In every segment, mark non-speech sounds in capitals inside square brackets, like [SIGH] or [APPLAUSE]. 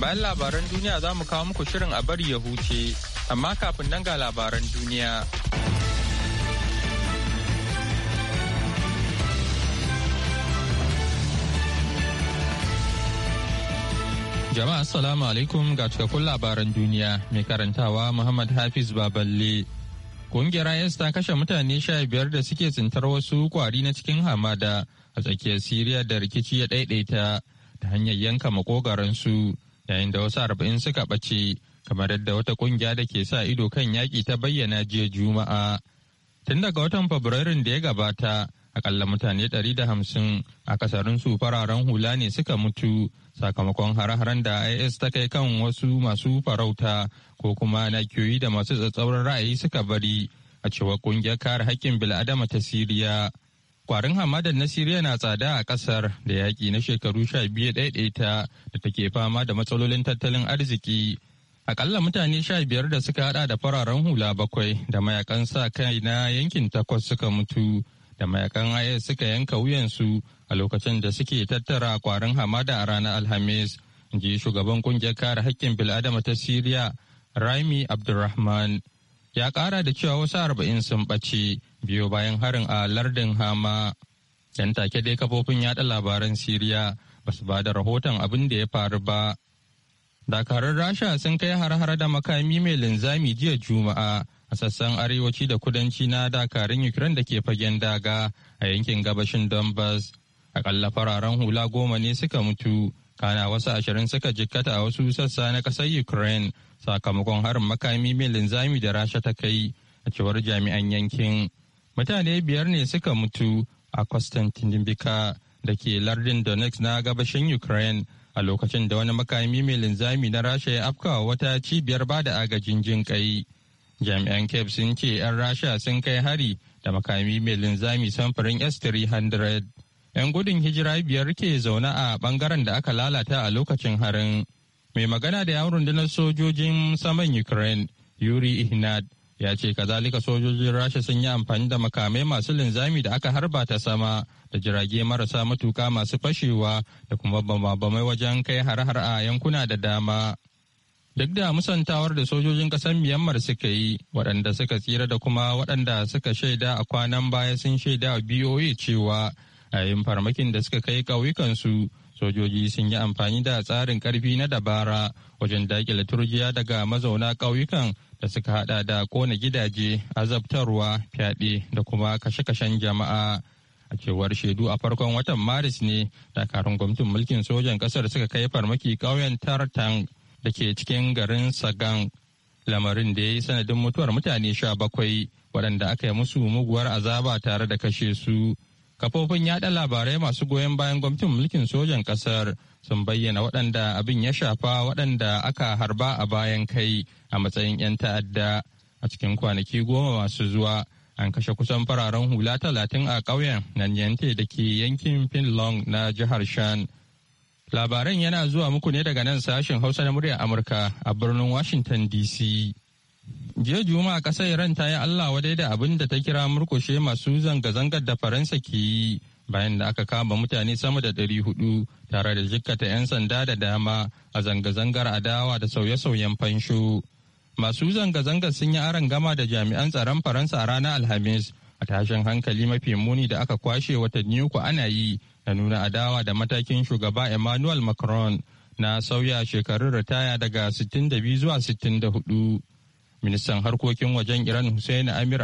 Bayan labaran duniya za mu kawo muku shirin a bari ya huce, amma kafin nan ga labaran duniya. Jama'a Assalamu alaikum ga cikakkun labaran duniya mai karantawa Muhammad Hafiz Baballe. Kungiyar IS ta kashe mutane sha biyar da suke tsintar wasu kwari na cikin hamada a tsakiyar Siriya da rikici ya ɗaiɗaita ta hanyar yanka makogaransu. yayin da wasu arba'in suka ɓace kamar yadda wata ƙungiya da ke sa ido kan yaƙi ta bayyana jiya juma'a tun daga watan fabrairun da ya gabata akalla mutane ɗari da hamsin a kasarin su fararen hula ne suka mutu sakamakon hare-haren da is ta kai kan wasu masu farauta ko kuma nakiyoyi da masu tsatsauran ra'ayi suka bari a cewa ƙungiyar kare haƙƙin bil'adama ta siriya kwarin hamadar na Siriya na tsada a kasar da yaƙi na shekaru sha biyu ɗaiɗaita da take fama da matsalolin tattalin arziki. Akalla mutane sha biyar da suka haɗa da fararen hula bakwai da mayakan sa kai na yankin takwas suka mutu da mayakan IS suka yanka wuyansu a lokacin da suke tattara kwarin hamada a ranar Alhamis. ji shugaban ƙungiyar kare haƙƙin bil'adama ta Siriya Raimi Abdulrahman. Ya ƙara da cewa wasu arba'in sun ɓace biyo bayan harin a lardin hama yan take dai kafofin yada labaran siriya ba su ba da rahoton abin da ya faru ba dakarun rasha sun kai har hara da makami mai linzami jiya juma'a a sassan arewaci da kudanci na dakarun ukraine da ke fagen daga a yankin gabashin donbass akalla fararen hula goma ne suka mutu kana wasu ashirin suka jikkata a wasu sassa na kasar ukraine sakamakon harin makami mai linzami da rasha ta kai a cewar jami'an yankin mutane biyar ne suka mutu a Konstantinivka da ke lardin Donetsk na gabashin Ukraine a lokacin da wani makami mai linzami na Rasha ya afkawa wata cibiyar ba da agajin jin kai. Jami'an Kyiv sun ce 'yan Rasha sun kai hari da makami mai linzami samfurin S-300. 'Yan gudun hijira biyar ke zaune a bangaren da aka lalata a lokacin harin. Mai magana da yawon rundunar sojojin saman Ukraine, Yuri Ihnad, ya ce kazalika sojojin rasha sun yi amfani da makamai masu linzami da aka harba ta sama da jirage marasa matuka masu fashewa da kuma bambamai wajen kai har-har a yankuna da dama duk da musantawar da sojojin ƙasar myanmar suka yi waɗanda suka tsira da kuma waɗanda suka shaida a kwanan baya sun shaida a boa cewa a yayin farmakin da suka kai ƙauyukansu sojoji sun yi amfani da tsarin ƙarfi na dabara wajen dakile turjiya daga mazauna ƙauyukan da suka hada da kona gidaje azabtarwa fyaɗe da kuma kashe-kashen jama'a a cewar shaidu a farkon watan maris ne dakarun gwamnatin mulkin sojan ƙasar suka kai farmaki ƙauyen tartan da ke cikin garin sagan lamarin da ya yi sanadin mutuwar mutane sha bakwai waɗanda aka yi musu muguwar azaba tare da kashe su kafofin yaɗa labarai masu goyon bayan gwamnatin mulkin sojan ƙasar sun bayyana waɗanda abin ya shafa waɗanda aka harba a bayan kai a matsayin 'yan ta'adda a cikin kwanaki goma masu zuwa an kashe kusan fararen hula talatin a ƙauyen yante da ke yankin finlong na jihar shan labaran yana zuwa muku ne daga nan sashen hausa na muryar amurka a birnin washington dc jiya juma'a ƙasar iran ta yi allah wadai da abin da ta kira murkushe masu zanga-zangar da faransa ke yi bayan da aka kama mutane sama da ɗari hudu tare da jikkata 'yan sanda da dama a zanga-zangar adawa da sauye-sauyen fansho. Masu zanga-zangar sun yi aron gama da jami'an tsaron Faransa a ranar Alhamis a tashin hankali mafi muni da aka kwashe watanni uku ana yi da nuna adawa da matakin shugaba Emmanuel Macron na sauya shekarun ritaya daga 62 zuwa 64. Ministan harkokin wajen Iran Hussein Amir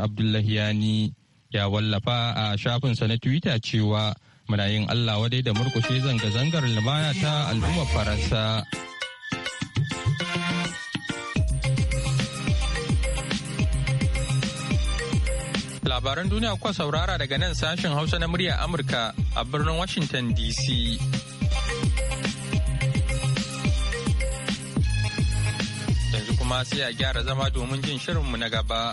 yani. ya wallafa a shafinsa na twitter cewa muna yin allah wadai da murkushe zanga-zangar lumana ta al'ummar faransa labaran duniya kuwa saurara daga nan sashen hausa na murya amurka a birnin washington dc yanzu kuma sai a gyara zama domin jin shirinmu na gaba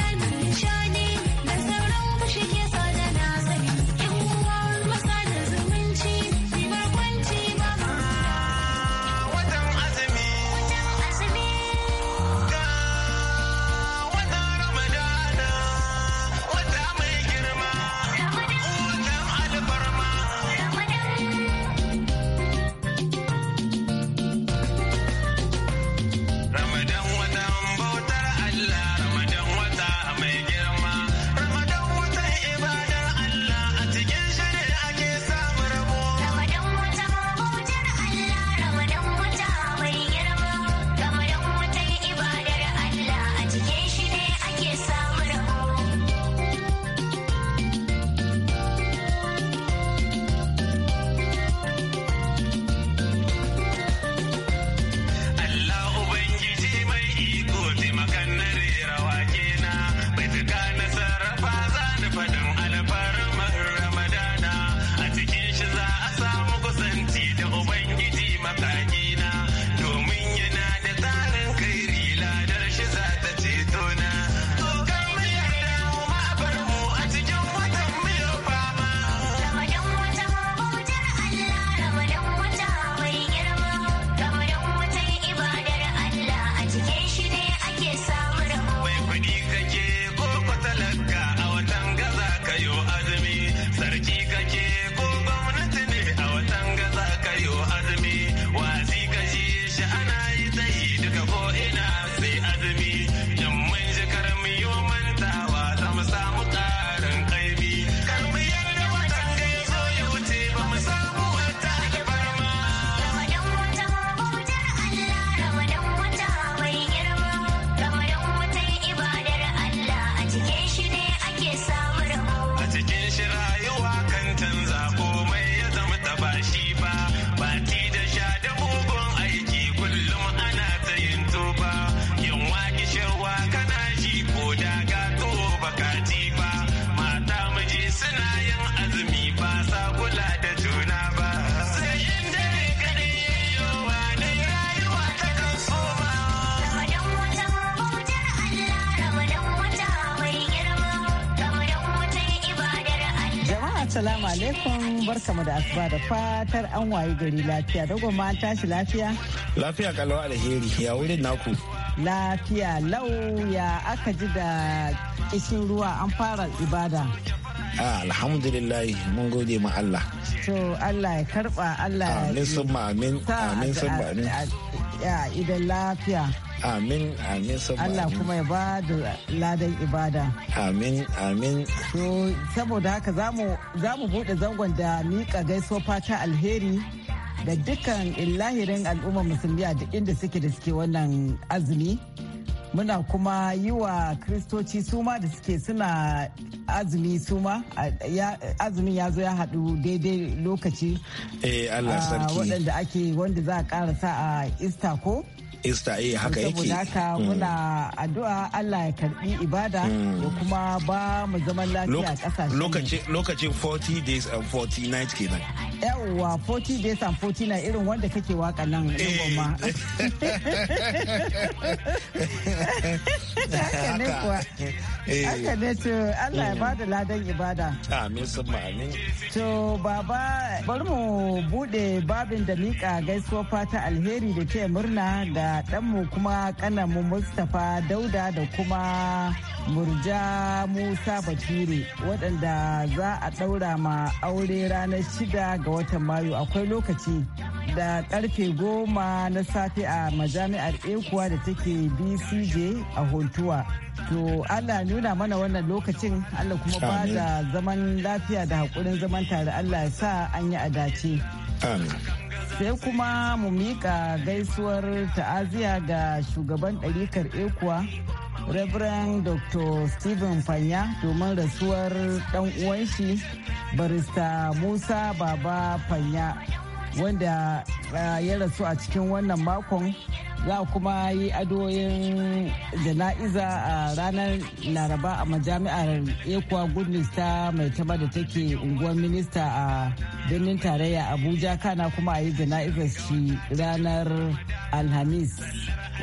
Assalamu alaikum barkamu da asuba da fatar an waye gari lafiya da goma tashi lafiya. Lafiya kalwa alheri ya wurin naku. Lafiya lau ya aka ji da kishin ruwa an fara ibada. alhamdulillah mun gode ma Allah. To Allah ya karba Allah ya. Amin sun amin amin sun amin. Idan lafiya. Amin, amin, Allah kuma ya ba da ladan ibada. Amin, amin. To, saboda haka za mu buɗe zangon da miƙa gaiso fata alheri da dukkan lahirin al'ummar musulmi a duk inda suke da suke wannan azumi. Muna kuma yi wa kristoci suma da suke suna azumi suma azumin ya zo ya haɗu daidai lokaci. Eh, Allah sarki. Waɗanda ake wanda za a ƙarasa a Ista ko? Easter eh haka yake. Saboda haka mm. muna addu'a Allah ya karbi ibada mm. da kuma ba mu zaman lafiya kasashe. Lokacin lokacin 40 days and 40 nights kenan. Yawwa 40 days and 40 na irin wanda kake waka nan eh. ma. [LAUGHS] Haka ne eh. ne to Allah ya mm. bada ladan ibada. Amin sun amin. To baba bari mu bude babin da mika gaisuwar fata alheri da ke murna da ɗanmu kuma mu Mustapha Dauda da kuma Murja Musa Bature waɗanda za a ɗaura ma aure ranar shida ga watan Mayu akwai lokaci da ƙarfe goma na safe a majami'ar ekuwa da take BCJ a Hontuwa. To Allah nuna mana wannan lokacin Allah kuma ba da zaman lafiya da haƙurin zaman tare Allah ya sa an yi a dace. sai kuma mu miƙa gaisuwar ta'aziya ga shugaban ɗarikar ekuwa Reverend Dr. Stephen Fanya domin rasuwar ɗan uwan shi barista Musa Baba Fanya wanda ah, ya rasu a cikin wannan makon za kuma yi adoyin jana'iza a ranar laraba a majami'ar ekwa goodness ta mai taba da take unguwar minista a birnin tarayya abuja kana kuma a yi jana'izar shi ranar alhamis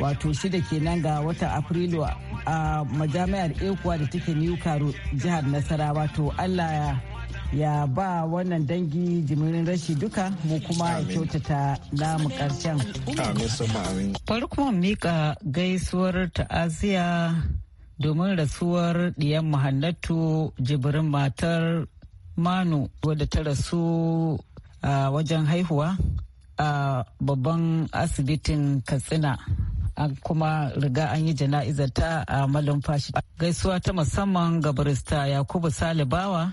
wato shida kenan ga watan afrilu a majami'ar ekwa da take new karo jihar nasarawa to allah ya ba wannan dangi jimirin rashi duka mu kuma ya kyautata namu karshen. Bari kuma mika gaisuwar ta'aziya domin rasuwar diyan muhannatu jibirin matar manu wadda ta rasu a wajen haihuwa a babban asibitin katsina an kuma riga an yi jana'izar ta a malumfashi gaisuwa ta musamman ga barista yakubu salibawa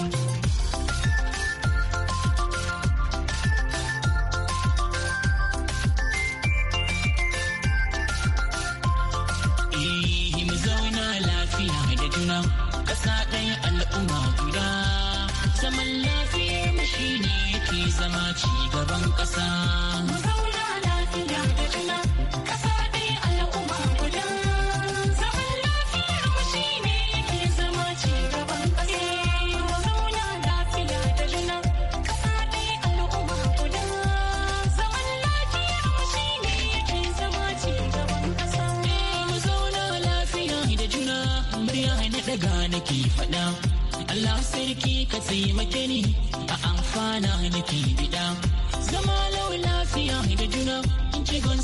ana nake bida zama lau lafiya da juna in ce gon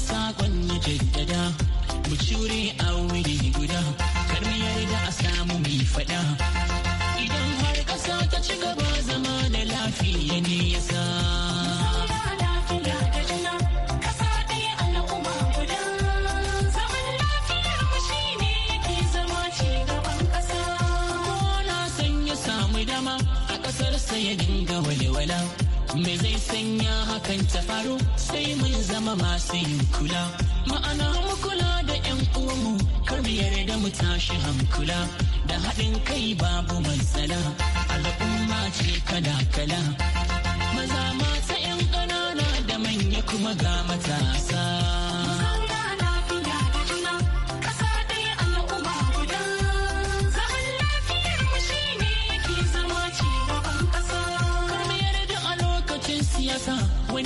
na jaddada mu cure a wuri guda kar mu yarda a samu mai fada idan har ƙasa ta ci gaba masu yin kula ma'ana mu kula da yan uwanmu kar mu yarda mu tashi hankula da haɗin kai babu matsala al'umma ce kada kala maza mata yan ƙanana da manya kuma ga matasa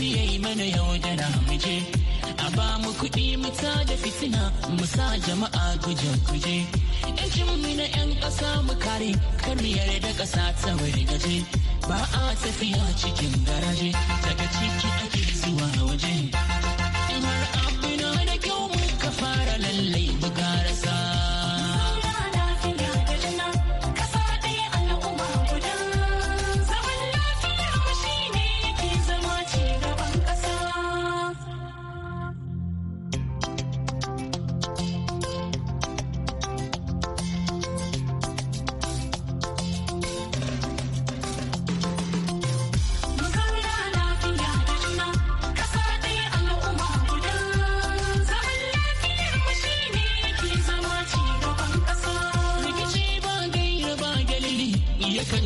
wani ya yi mana yaudara mu je a ba mu kuɗi mu da fitina mu sa jama'a guje guje mu na yan ƙasa mu kare kariyar da ƙasa ta wari gaje ba a tafiya cikin garaje daga ciki ake zuwa waje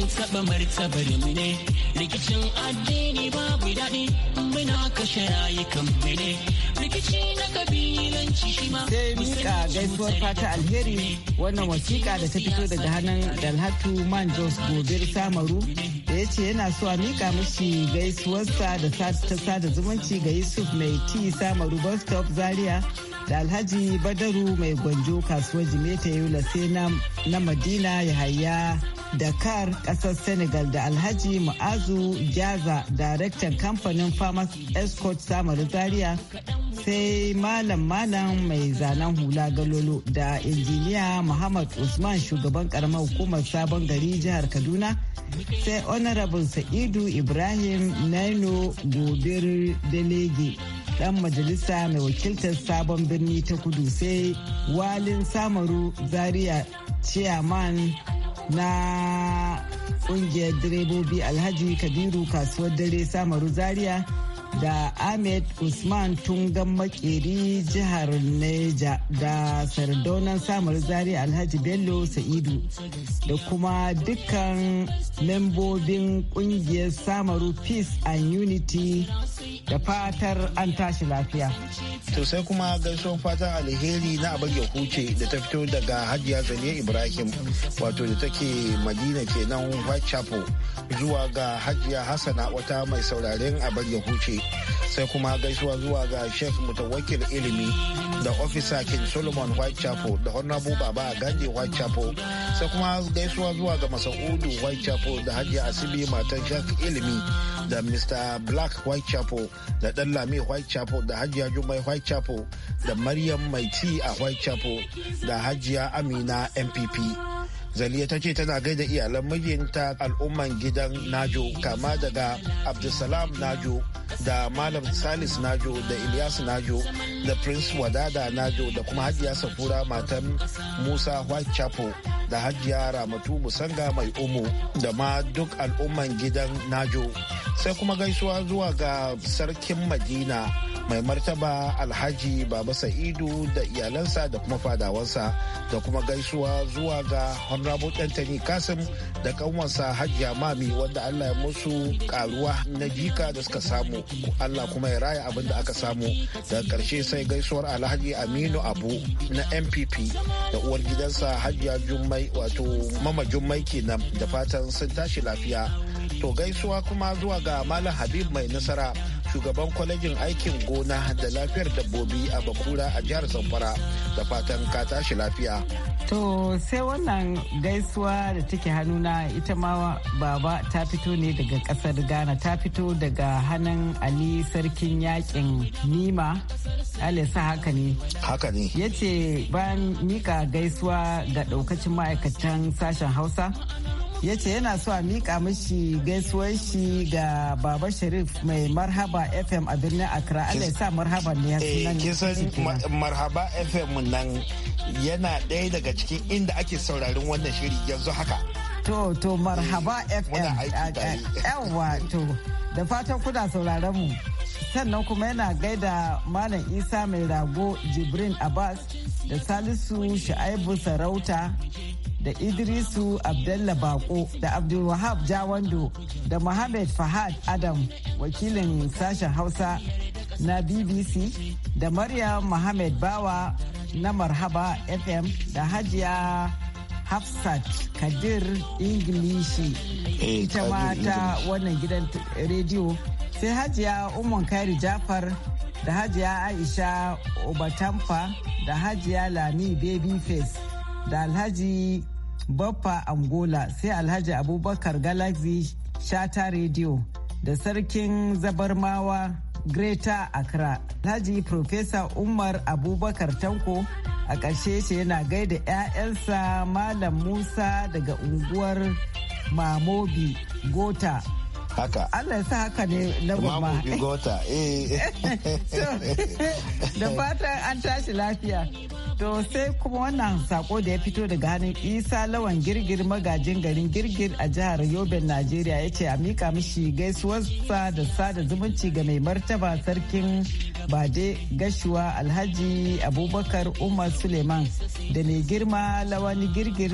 martaba martabar mu ne rikicin addini babu daɗi muna kashe mu rikici na kabilanci shi ma sai mika gaisuwar fata alheri wannan wasiƙa da ta fito daga hannun dalhatu man jos gobe samaru da ya ce yana so a mika mishi gaisuwarsa da ta sada zumunci ga yusuf mai ti samaru bus stop zaria da alhaji badaru mai gwanjo kasuwar jimeta yola sai na madina yahaya dakar kasar senegal da alhaji mu'azu jaza daraktan kamfanin farmers escort samaru zaria sai malam malam mai zanen hula galolo da injiniya muhammad usman shugaban karamar hukumar sabon gari jihar kaduna sai honorable sa'idu ibrahim naino gobir delege dan majalisa mai wakiltar sabon birni ta kudu sai walin samaru zaria chairman na ƙungiyar direbobi alhaji kabiru kasuwar dare samaru zaria da ahmed usman tun tungan makeri jihar neja da sardaunan samun zari alhaji bello sa'idu da kuma dukkan membobin kungiyar samaru peace and unity da fatar an tashi lafiya to kuma gaison fatan alheri na abar huce da ta fito daga hajiya zane ibrahim wato da take madina kenan whitechapel zuwa ga hajiya hassana wata mai sauraren abar huce sai kuma gaisuwa zuwa ga sheikh mutawakil ilimi da ofisa king solomon whitechapel da honorable baba gandhi whitechapel sai kuma gaisuwa zuwa ga masaudu whitechapel da hajji asibi matan sheikh ilimi da mr black whitechapel da dan lami whitechapel da hajiya jumai whitechapel da maryam maiti a whitechapel da hajiya amina mpp Zaliya ta ce tana gaida iyalan mijinta al'umman gidan Najo kama daga Abdulsalam Najo da Malam Salis Najo da Ilyas Najo da Prince Wadada Najo da kuma Hajiya Safura matan Musa Whitechapel da Hajiya Ramatu Musanga Mai Umu da ma duk al'umman gidan Najo. Sai kuma gaisuwa zuwa ga Sarkin Madina mai martaba alhaji baba sa'idu da iyalansa da kuma fadawansa da kuma gaisuwa zuwa ga honorable anthony kasim da kanwansa hajiya mami wanda allah ya musu karuwa na jika da suka samu allah kuma ya raya abin da aka samu daga karshe sai gaisuwar alhaji aminu abu na mpp da uwar gidansa hajiya jummai wato mama jummai kenan da fatan sun tashi lafiya to gaisuwa kuma zuwa ga malam habib mai nasara shugaban kwalejin aikin gona da lafiyar dabbobi a bakura a jihar zamfara da fatan ka tashi lafiya to sai wannan gaisuwa da take hannuna ita ma baba ta fito ne daga kasar ghana ta fito daga hannun ali sarkin yakin nima alisa haka ne haka ne ya ce bayan mika gaisuwa ga daukacin ma'aikatan sashen hausa ya ce yana so a miƙa mishi gaisuwar shi ga baba sharif mai marhaba fm a birnin accra allah sa marhaba ne ya sunan eh, kisan marhaba fm nan yana ɗaya daga cikin inda ake sauraron wannan shiri yanzu haka to to marhaba eh, fm yawa to da fatan kuna sauraron mu sannan kuma yana gaida malam isa mai rago jibrin abbas da salisu sha'ibu sarauta da idrisu abdalla bako da abdulwahab jawando da mohammed fahad adam wakilin sashen hausa na bbc da maryam mohammed bawa na marhaba fm da hajiya hafsat kadir ingilishi eh, ita ma ta wannan gidan rediyo sai hajiya umar kairi jafar da hajiya aisha obatamfa da hajiya lami babyface da alhaji Baffa Angola sai Alhaji Abubakar Galaxy Shata Radio da Sarkin Zabarmawa Greta Accra. Alhaji Profesa Umar Abubakar Tanko a ƙarshe shi yana gaida 'ya'yansa Malam Musa daga unguwar Mamobi Gota. haka. Allah sa haka ne na goma. Mamobi gota. Eh. [LAUGHS] [LAUGHS] da fatan an tashi lafiya. To sai kuma wannan sako da ya fito daga hannun Isa Lawan Girgir magajin garin Girgir a jihar Yobe, Najeriya ya ce a mika mishi gaisuwarsa da sada zumunci ga mai martaba sarkin Bade Gashuwa Alhaji Abubakar Umar Suleiman da mai girma Lawan Girgir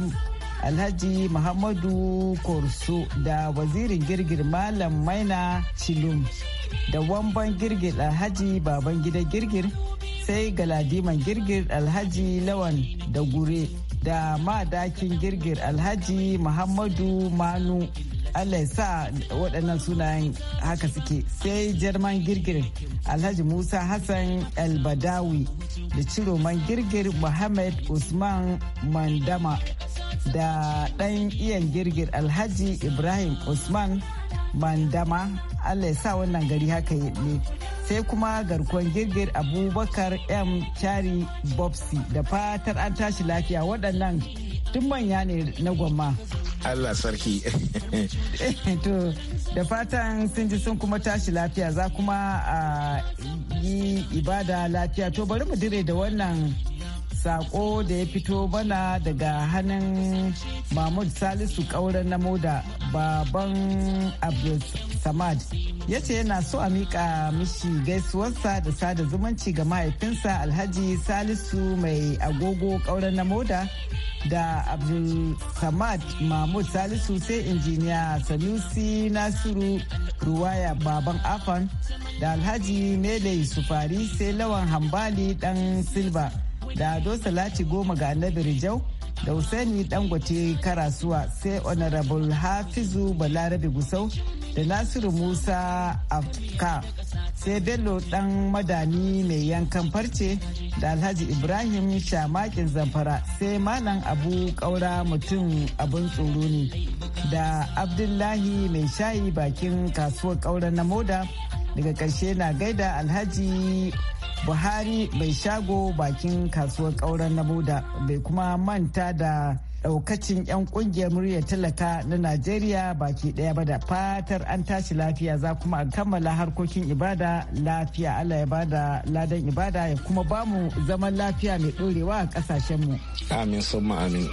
Alhaji Muhammadu Korso da wazirin girgir Malam Maina Chilum da wamban girgir Alhaji baban Babangida Girgir. sai galadiman girgir alhaji lawan da gure da madakin girgir alhaji muhammadu manu allah sa waɗannan sunayen haka suke sai jerman girgir alhaji musa hassan albadawi da ciroman girgir muhammad usman mandama da ɗan iyan girgir alhaji ibrahim usman mandama allah ya sa wannan gari haka ya sai kuma garkuwan girgir abubakar m chari bobsi da fatar an tashi lafiya waɗannan tun manya ne na gwamma allah sarki eh, to da fatan sun ji sun kuma tashi lafiya za kuma a ah, yi ibada lafiya to bari mu dire da wannan sako da ya fito bana daga hannun mahmud salisu kauren na moda baban abdul samad ya ce yana so a miƙa mishi gaisuwarsa da sada zumunci ga mahaifinsa alhaji salisu mai agogo kauren na moda da abdul samad mahmud salisu sai injiniya sanusi nasiru ruwaya baban afan da alhaji mele sufari sai lawan hambali dan silba da ado salati goma ga annabi rijau da Usaini Dangote Karasuwa sai Honorable Hafizu Balarabe Gusau da Nasiru Musa Afka sai Bello Dan Madani mai yankan farce da Alhaji Ibrahim Shamakin Zamfara sai Malam Abu Kaura mutum abun tsoro ne da Abdullahi mai shayi bakin kasuwar Kaura na Moda daga ƙarshe na gaida Alhaji buhari bai shago bakin kasuwar ƙauren na buda bai kuma manta da daukacin 'yan kungiyar muryar talaka na najeriya baki ɗaya ba da fatar an tashi lafiya za kuma an kammala harkokin ibada lafiya allah ya bada ladan ibada ya kuma bamu zaman lafiya mai dorewa a kasashenmu amin sun amin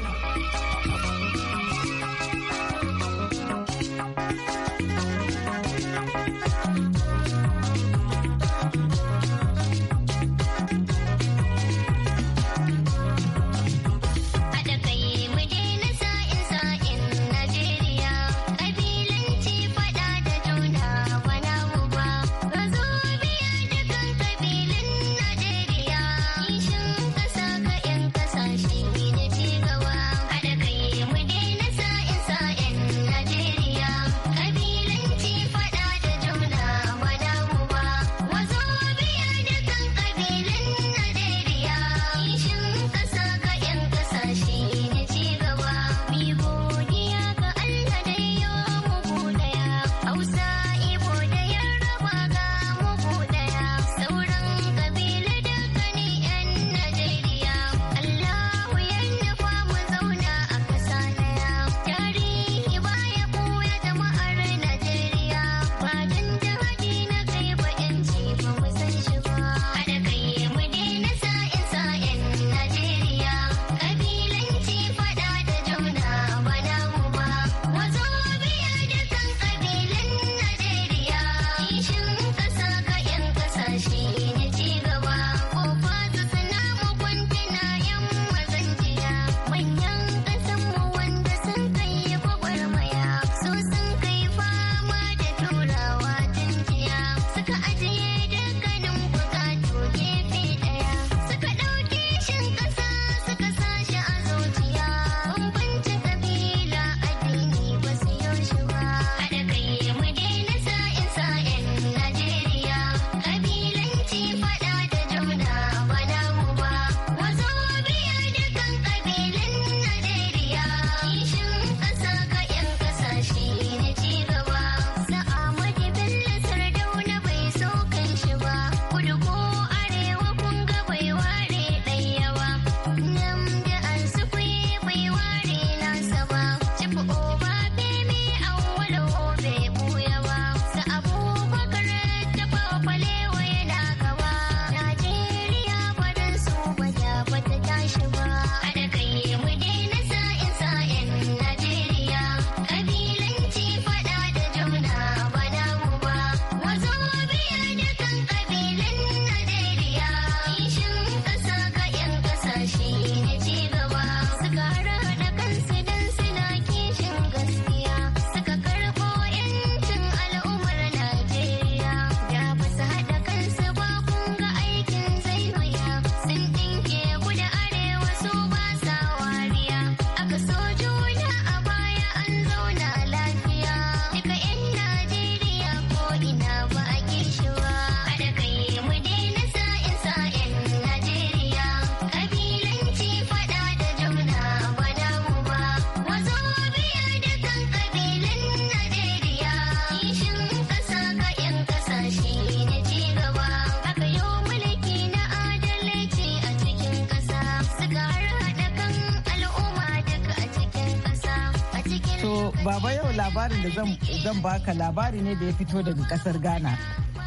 labarin da zan baka labari ne da ya fito daga kasar ghana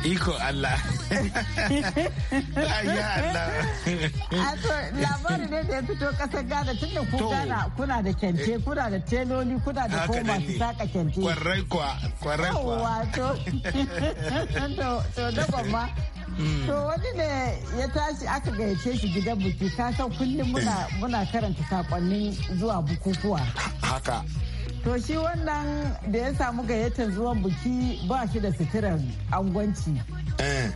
Iko Allah. Ya Allah. Ato labarin ne da ya fito kasar Ghana tun da ku Ghana kuna da kente kuna da teloli kuna da ko masu saka kente. Kwarai kwa kwarai kwa. Yawwa [LAUGHS] to to ma. Mm. To wani ne ya tashi aka gayyace shi gidan buki kasan kullum muna karanta sakonnin zuwa bukukuwa. Haka. To shi wannan da ya samu gayyatar zuwan buki ba shi da suturar angwanci. Eh.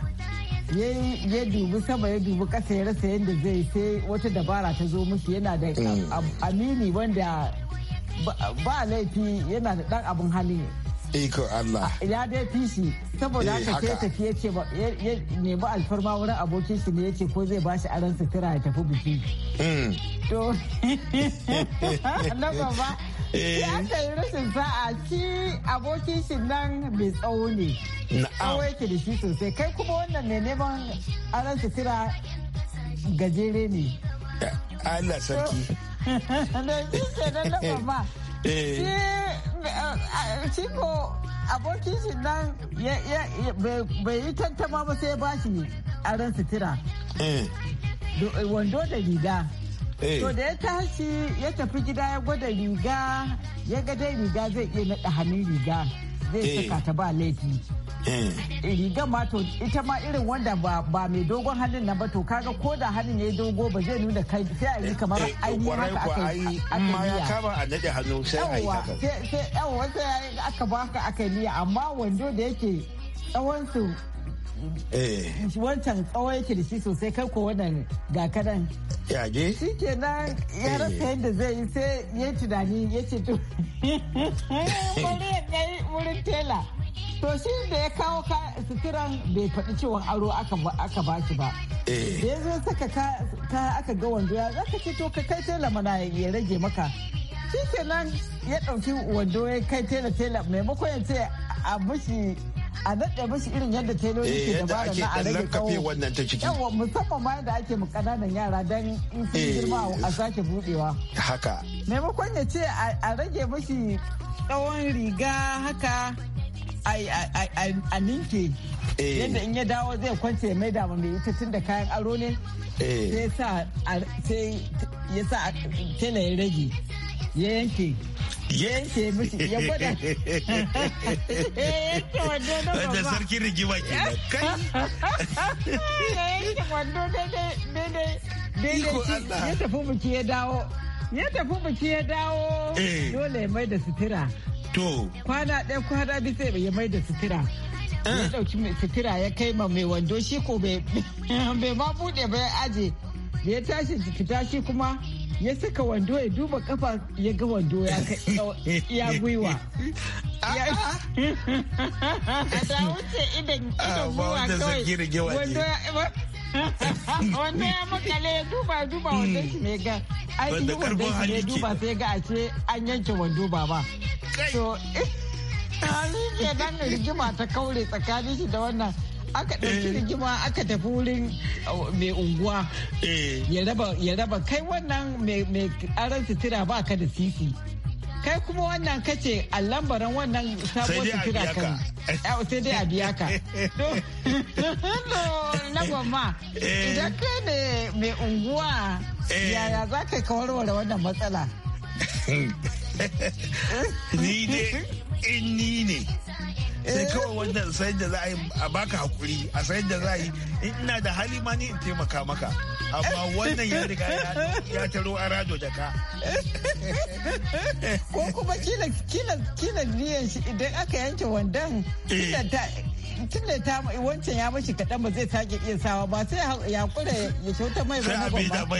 ya dubi sama ya dubi kasa ya rasa yadda zai sai wata dabara ta zo musu yana da mm. amini wanda ba laifi yana da dan abin hali. Iko Allah. Ya dai fi shi saboda eh, haka sai tafi ya ce ya nemi alfarma wurin abokin shi ne ya ce ko zai ba bashi aron sutura ya tafi biki. Mm. To, [LAUGHS] na ba [LAUGHS] Ya ta yi rashin a ci abokin shi nan bai tsawo ne. Na'am. Tsawo yake da shi sosai kai kuma wannan mai neman aron sutura gajere ne. Allah sarki. Da [LAUGHS] shi ke nan na eh, babba. Eh. Eh, shi ko abokin shi nan bai yi tantama ba sai ba shi aron sutura. Wando da riga. Eh. To da ya tashi ya tafi gida ya gwada riga ya ga dai riga zai iya naɗa hannun riga zai eh. saka ta ba laifi. Eh. Riga ma to ita ma irin wanda ba mai dogon hannun nan ba to kaga ko da hannun ya dogo ba zai nuna kai sai a yi kamar ainihin haka aka yi. ya kama a naɗe hannu sai a yi haka. baka aka yi amma wando da yake tsawon Eh. wancan tsawo yake da shi sosai kai ko wannan ga kadan je? shi ke nan ya rasa eh. yadda zai yi sai ya tunani ya ce to bari ya ɗari wurin tela to shi da ya kawo ka suturan bai faɗi cewa aro aka ba shi ba eh. da ya zo saka ka aka ga wando ya zaka ce to ka kai tela mana ya rage maka shi ke nan ya ɗauki wando ya kai tela tela maimakon ya ce a bushi a daɗe musu irin yadda tailoli eh, ke da ba da na a rage kawo wannan musamman bayan da ake mu kananan yara dan in sun eh. girma a sake buɗewa. haka maimakon ya ce a rage musu tsawon riga haka a ninke eh. yadda in ya dawo zai kwance mai da mai ita tun da kayan aro ne sai ya sa tana ya rage yanke yanke ya gwada [LAUGHS] yanke wando ya gwada wanda sarki rigima ke kai ya yanke wando daidai daidai ya tafi biki ya dawo ya tafi biki ya dawo eh. dole ya mai da sutura to kwana ɗaya kwana biyu sai ya mai da sutura eh. ya ɗauki mai sutura ya kai ma mai wando shi ko bai [LAUGHS] ma buɗe ba ya aje da ya tashi fita shi kuma ya saka wando ya duba kafa ya ga wando ya kai ya gwiwa ah, ya ah. wuce idan ah, gwiwa kawai wanda [LAUGHS] ya makale ya duba duba wanda shi mai ga ainihin wanda shi ne duba sai ga ce an yanke wando ba ba to hali eh, [LAUGHS] ke nan rigima ta kaure tsakanin shi da wannan aka ɗauki eh. rigima aka tafi wurin oh, mai unguwa eh. ya raba kai wannan mai aran sutura ba ka da sisi kai kuma wannan kace a lambaran wannan sabon sutura kan sai dai a biya ka [LAUGHS] na gwamma eh. idan kai ne mai unguwa yaya za ka warware wannan matsala [LAUGHS] ni dai in ni ne sai eh. kawai wannan sayar da za a yi a baka hakuri a sayar da za a yi in ina da hali ma ni in taimaka maka amma wannan ya riga ya taro a rado da ka ko kuma kila kila kila niyan shi idan aka yanke wandan eh. kila ta ta wancan ya mashi kaɗan ba zai sake iya sawa ba sai ya kure ya kyauta mai ba na ba.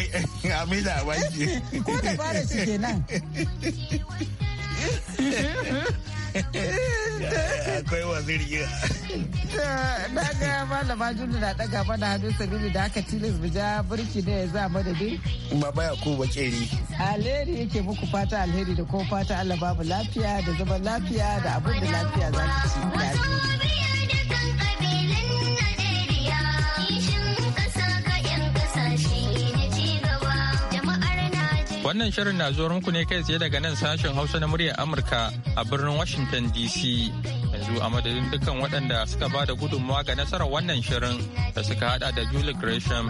Amida a baki. Ko da bara shi kenan. [LAUGHS] akwai waziri na ga malama juna na daga mana hannun sabili da aka tilis bija birki da ya za madadin baba ya ba bakeri alheri yake muku fata alheri da kuma fata allah babu lafiya da zaman lafiya da abin da lafiya za ta ci da Wannan shirin na zuwa muku ne kai tsaye daga nan sashen Hausa na muryar Amurka a birnin Washington DC. Yanzu a madadin dukkan waɗanda suka ba da gudunmawa ga nasarar wannan shirin da suka hada da Julie Gresham